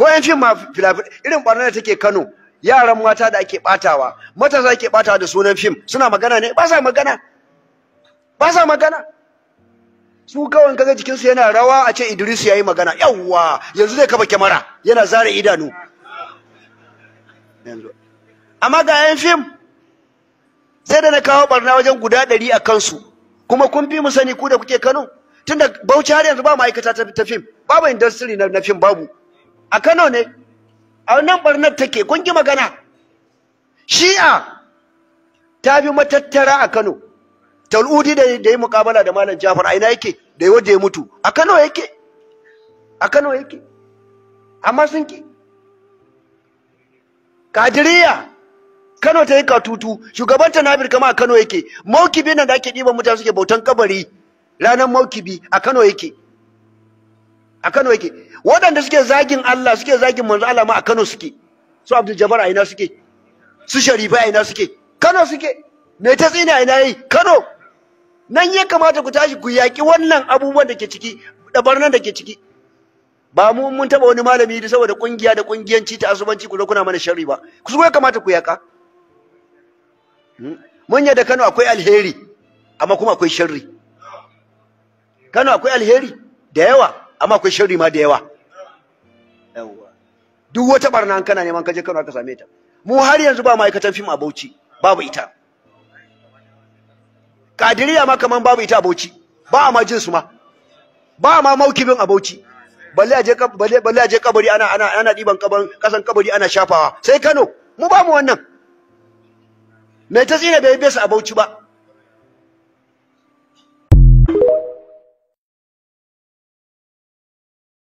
ko yan fim ma irin barnar da take Kano yaran mata da ake batawa matasa ake batawa da sunan fim suna magana ne ba sa magana ba sa magana su kawai kaga jikinsu yana rawa a ce Idris yi magana yawwa yanzu zai kafa kyamara yana zare idanu amma ga yan fim sai da na kawo barna wajen guda ɗari a kansu kuma kun fi mu sani ku da kuke Kano tunda Bauchi har yanzu ba ma'aikata ta fim babu industry na fim babu a Kano ne a wannan barnar take kun ji magana shi'a ta bi matattara a Kano tal'udi da yi mukabala da malam Jafar a ina yake da yi ya mutu a Kano yake a Kano yake amma sun ki kadiriya Kano ta yi katutu ta Nabir kama a Kano yake maukibi nan da ake ɗiban mutane suke bautan kabari ranar maukibi a Kano yake a Kano yake waɗanda suke zagin Allah suke zagin manzo Allah ma a Kano suke su Abdul Jabbar a ina suke su Sharifa a ina suke Kano suke me ta tsina a ina yi Kano nan ya kamata ku tashi ku yaƙi wannan abubuwan da ke ciki da barnan da ke ciki ba mu mun taɓa wani malami da saboda ƙungiya da ƙungiyanci ta asubanci ku zo kuna mana sharri ba ku ya kamata ku yaƙa hmm? mun da Kano akwai alheri amma kuma akwai sharri Kano akwai alheri da yawa amma akwai sharri ma da yawa duk wata barna an kana neman kaje Kano aka same ta mu har yanzu ba ma'aikatan fim a Bauchi babu ita kadiriya ma kaman babu ita a Bauchi ba ma jin su ma ba ma maukibin a Bauchi balle aje balle balle aje kabari ana ana ana diban kaban kasan kabari ana shafawa sai Kano mu ba mu wannan me ta tsira bai su a Bauchi ba